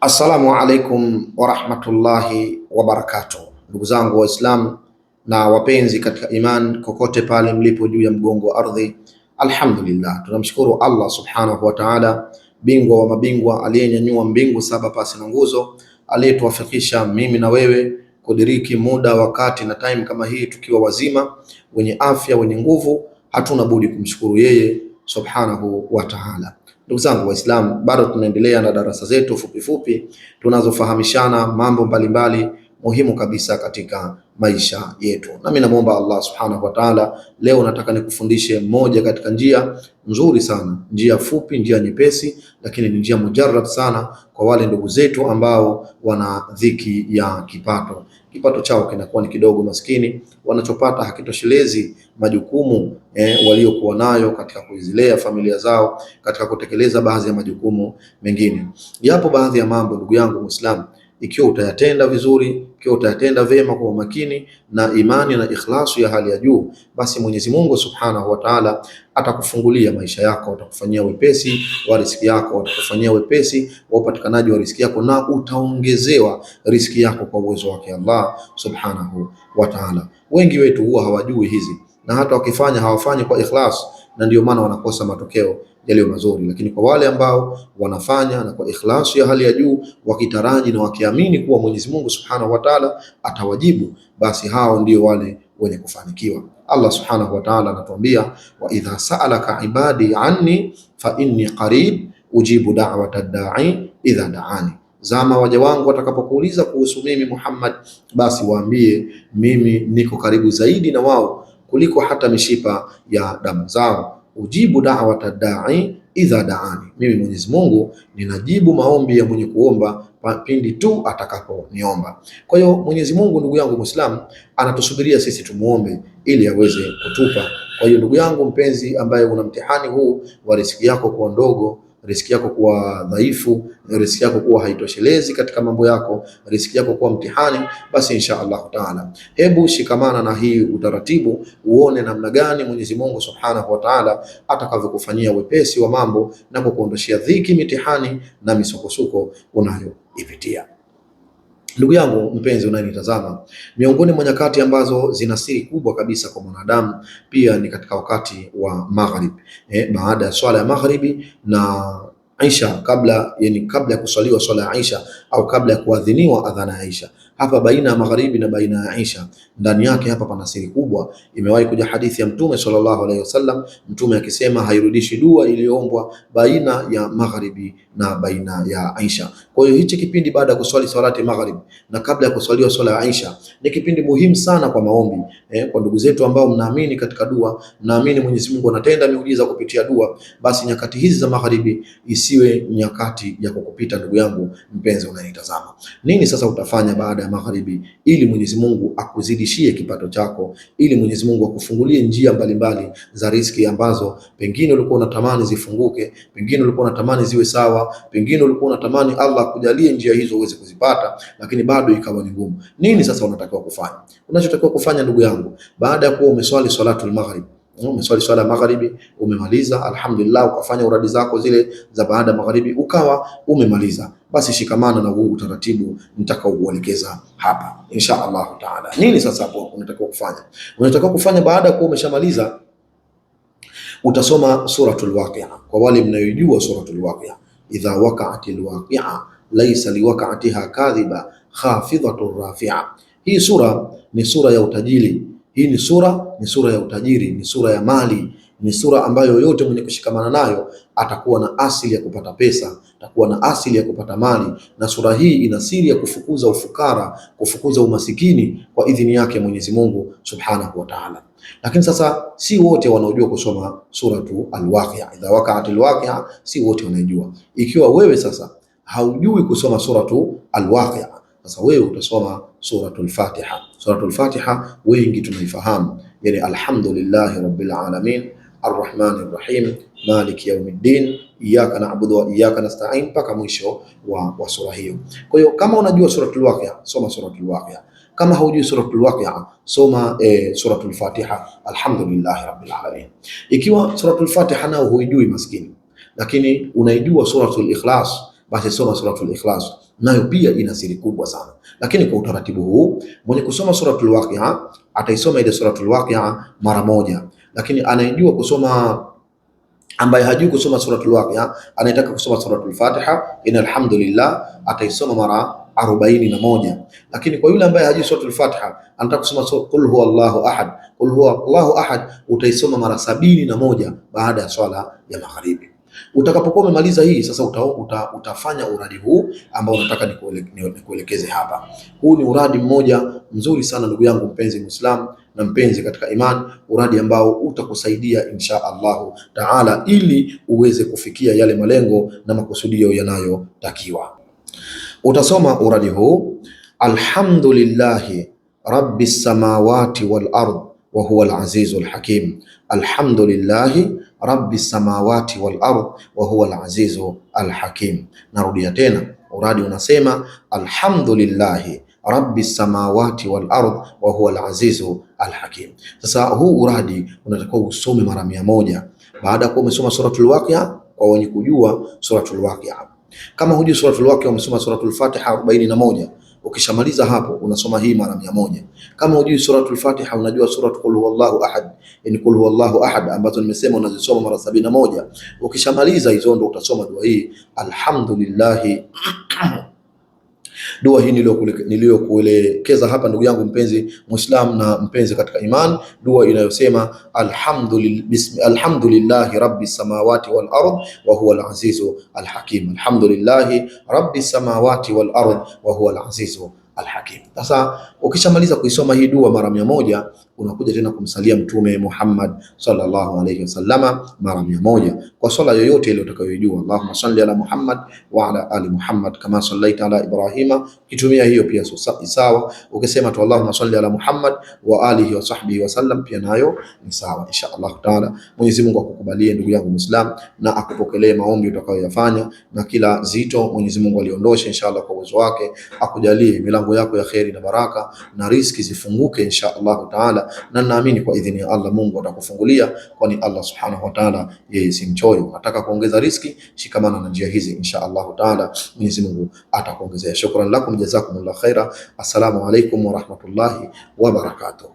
Assalamu alaikum warahmatullahi wabarakatuh, ndugu zangu Waislamu na wapenzi katika iman, kokote pale mlipo juu ya mgongo wa ardhi, alhamdulillah, tunamshukuru Allah subhanahu wa ta'ala, bingwa wa mabingwa, aliyenyanyua mbingu saba pasi na nguzo, aliyetuwafikisha mimi na wewe kudiriki muda, wakati na time kama hii, tukiwa wazima, wenye afya, wenye nguvu, hatuna budi kumshukuru yeye subhanahu wa ta'ala. Ndugu zangu Waislamu, bado tunaendelea na darasa zetu fupifupi tunazofahamishana mambo mbalimbali muhimu kabisa katika maisha yetu. Nami namwomba Allah subhanahu wa ta'ala, leo nataka nikufundishe moja katika njia nzuri sana, njia fupi, njia nyepesi, lakini ni njia mujarab sana kwa wale ndugu zetu ambao wana dhiki ya kipato. Kipato chao kinakuwa ni kidogo, maskini, wanachopata hakitoshelezi majukumu eh, waliokuwa nayo katika kuizilea familia zao, katika kutekeleza baadhi ya majukumu mengine. Yapo baadhi ya mambo ndugu yangu Muislamu ikiwa utayatenda vizuri, ikiwa utayatenda vyema kwa umakini na imani na ikhlasu ya hali ya juu, basi Mwenyezi Mungu Subhanahu wa Ta'ala atakufungulia maisha yako, atakufanyia wepesi wa riziki yako, atakufanyia wepesi wa upatikanaji wa riziki yako, na utaongezewa riziki yako kwa uwezo wake Allah Subhanahu wa Ta'ala. Wengi wetu huwa hawajui hizi, na hata wakifanya hawafanyi kwa ikhlas na ndio maana wanakosa matokeo yaliyo mazuri. Lakini kwa wale ambao wanafanya na kwa ikhlasi ya hali ya juu, wakitaraji na wakiamini kuwa Mwenyezi Mungu Subhanahu wa Ta'ala atawajibu, basi hao ndio wale wenye kufanikiwa. Allah Subhanahu wa Ta'ala anatuambia, wa idha sa'alaka ibadi anni fa inni qarib ujibu da'wata da'i idha da'ani Zama waja wangu watakapokuuliza kuhusu mimi Muhammad, basi waambie mimi niko karibu zaidi na wao kuliko hata mishipa ya damu zao. Ujibu da'wata da'i idha da'ani, mimi Mwenyezi Mungu ninajibu maombi ya mwenye kuomba pindi tu atakaponiomba. Kwa hiyo Mwenyezi Mungu, ndugu yangu Muislamu, anatusubiria sisi tumuombe ili aweze kutupa. Kwa hiyo ndugu yangu mpenzi, ambaye una mtihani huu wa riziki yako kuwa ndogo riski yako kuwa dhaifu, riski yako kuwa haitoshelezi katika mambo yako, riski yako kuwa mtihani, basi insha Allahu taala, hebu shikamana na hii utaratibu, uone namna gani Mwenyezi Mungu Subhanahu wa Ta'ala atakavyokufanyia wepesi wa mambo na kukuondoshia dhiki, mitihani na misukosuko unayoipitia. Ndugu yangu mpenzi unayenitazama, miongoni mwa nyakati ambazo zina siri kubwa kabisa kwa mwanadamu pia ni katika wakati wa magharibi eh, baada ya swala ya magharibi na Isha kabla, yani kabla ya kuswaliwa swala ya Isha au kabla ya kuadhiniwa adhana ya Isha hapa baina ya magharibi na baina ya Aisha, ndani yake hapa pana siri kubwa. Imewahi kuja hadithi ya Mtume sallallahu alaihi wasallam, Mtume akisema hairudishi dua iliyoombwa baina ya magharibi na baina ya Aisha. Kwa hiyo hichi kipindi baada ya kuswali salati magharibi na kabla ya kuswalia swala ya Aisha ni kipindi muhimu sana kwa maombi eh, kwa ndugu zetu ambao mnaamini katika dua, mnaamini Mwenyezi Mungu anatenda miujiza kupitia dua, basi nyakati hizi za magharibi isiwe nyakati ya kukupita ndugu yangu mpenzi unayenitazama. Nini sasa utafanya baada ya magharibi, ili Mwenyezi Mungu akuzidishie kipato chako, ili Mwenyezi Mungu akufungulie njia mbalimbali za riziki ambazo pengine ulikuwa unatamani zifunguke, pengine ulikuwa unatamani ziwe sawa, pengine ulikuwa unatamani Allah akujalie njia hizo uweze kuzipata, lakini bado ikawa ni ngumu. Nini sasa unatakiwa kufanya? Unachotakiwa kufanya ndugu yangu, baada ya kuwa umeswali swalatul maghrib umeswali swala ya magharibi umemaliza, alhamdulillah, ukafanya uradi zako zile za baada ya magharibi ukawa umemaliza, basi shikamana na huu utaratibu nitakaouelekeza hapa insha Allah taala. Nini sasa hapo unatakiwa kufanya? Unatakiwa kufanya baada ya kuwa umeshamaliza, utasoma suratul Waqia. Kwa wale mnayojua suratul Waqia, idha waqa'atil waqia laysa liwaqa'atiha kadhiba khafidhatur rafi'a. Hii sura ni sura ya utajili hii ni sura, ni sura ya utajiri, ni sura ya mali, ni sura ambayo yote mwenye kushikamana nayo atakuwa na asili ya kupata pesa, atakuwa na asili ya kupata mali. Na sura hii ina siri ya kufukuza ufukara, kufukuza umasikini kwa idhini yake Mwenyezi Mungu Subhanahu wa Ta'ala. Lakini sasa si wote wanaojua kusoma suratu Al-Waqi'a, idha waqa'at al-waqi'a, si wote wanaijua. Ikiwa wewe sasa haujui kusoma suratu Al-Waqi'a, sasa wewe utasoma suratul Fatiha. Suratul Fatiha wengi tunaifahamu, yani alhamdulillahi rabbil alamin arrahmanir rahim maliki yaumiddin iyyaka na'budu wa iyyaka nasta'in mpaka mwisho wa, wa sura hiyo. Kwa hiyo kama unajua suratul Waqi'a soma suratul Waqi'a, kama haujui suratul Waqi'a soma eh, suratul Fatiha alhamdulillahi rabbil alamin. Ikiwa suratul Fatiha nao huijui maskini, lakini unaijua suratul Ikhlas basi soma Suratul Ikhlas, nayo pia ina siri kubwa sana. Lakini kwa utaratibu huu, mwenye kusoma Suratul Waqia ataisoma ile Suratul Waqia mara moja, lakini anayejua kusoma ambaye hajui kusoma Suratul Waqia anayetaka kusoma Suratul Fatiha ina alhamdulillah, ataisoma mara arobaini na moja. Lakini kwa yule ambaye hajui Suratul Fatiha anataka kusoma qul huwa Allahu ahad, qul huwa Allahu ahad, utaisoma mara sabini na moja baada ya swala ya magharibi. Utakapokuwa umemaliza hii sasa uta, uta, utafanya uradi huu ambao nataka nikuelekeze hapa. Huu ni uradi mmoja mzuri sana ndugu yangu mpenzi Muislamu na mpenzi katika imani, uradi ambao utakusaidia insha Allahu taala ili uweze kufikia yale malengo na makusudio yanayotakiwa. Utasoma uradi huu alhamdulillahi rabbis samawati wal ard wa huwa al azizul hakim alhamdulillahi rabbi samawati wal ard wa huwa alazizu alhakim. Narudia tena, uradi unasema alhamdulillahi rabbi samawati wal ard wa huwa alazizu alhakim. Sasa huu uradi unatakiwa usome mara mia moja baada ya kuwa umesoma suratul waqia, kwa wenye kujua suratul waqia. Kama hujui suratul waqia, umesoma suratul fatiha 41 Ukishamaliza hapo unasoma hii mara mia moja. Kama hujui suratul Fatiha unajua suratul qul huwallahu ahad, yani qul huwallahu ahad ambazo nimesema unazisoma mara sabini na moja. Ukishamaliza hizo ndo utasoma dua hii alhamdulillahi Dua hii niliyokuelekeza hapa, ndugu yangu mpenzi Muislam na mpenzi katika iman, dua inayosema alhamdulillahi rabbi samawati wal ard wa huwa al azizu al hakim. Alhamdulillahi rabbi samawati wal ard wa huwa al azizu Alhakim. Sasa ukishamaliza kuisoma hii dua mara mia moja unakuja tena kumsalia Mtume Muhammad sallallahu alayhi wasallama mara mia moja kwa swala yoyote ile utakayojua. Allahumma salli ala Muhammad wa ala ali Muhammad kama sallaita ala Ibrahima, kitumia hiyo pia sawa. Ukisema tu Allahumma salli ala Muhammad wa alihi wa sahbihi wa sallam pia nayo ni sawa, insha Allah taala. Mwenyezi Mungu akukubalie ndugu yangu Muislam, na akupokelee maombi utakayoyafanya, na kila zito Mwenyezi Mungu aliondoshe insha Allah kwa uwezo wake, akujalie milango yako ya kheri na baraka na riziki zifunguke insha Allahu taala, na naamini kwa idhini ya Allah Mungu atakufungulia, kwani Allah subhanahu wa taala yeye si mchoyo. Nataka kuongeza riziki, shikamana na njia hizi insha Allahu taala, Mwenyezi Mungu atakuongezea. Shukran lakum, jazakumullah khaira. Assalamu alaikum wa rahmatullahi wa barakatuh.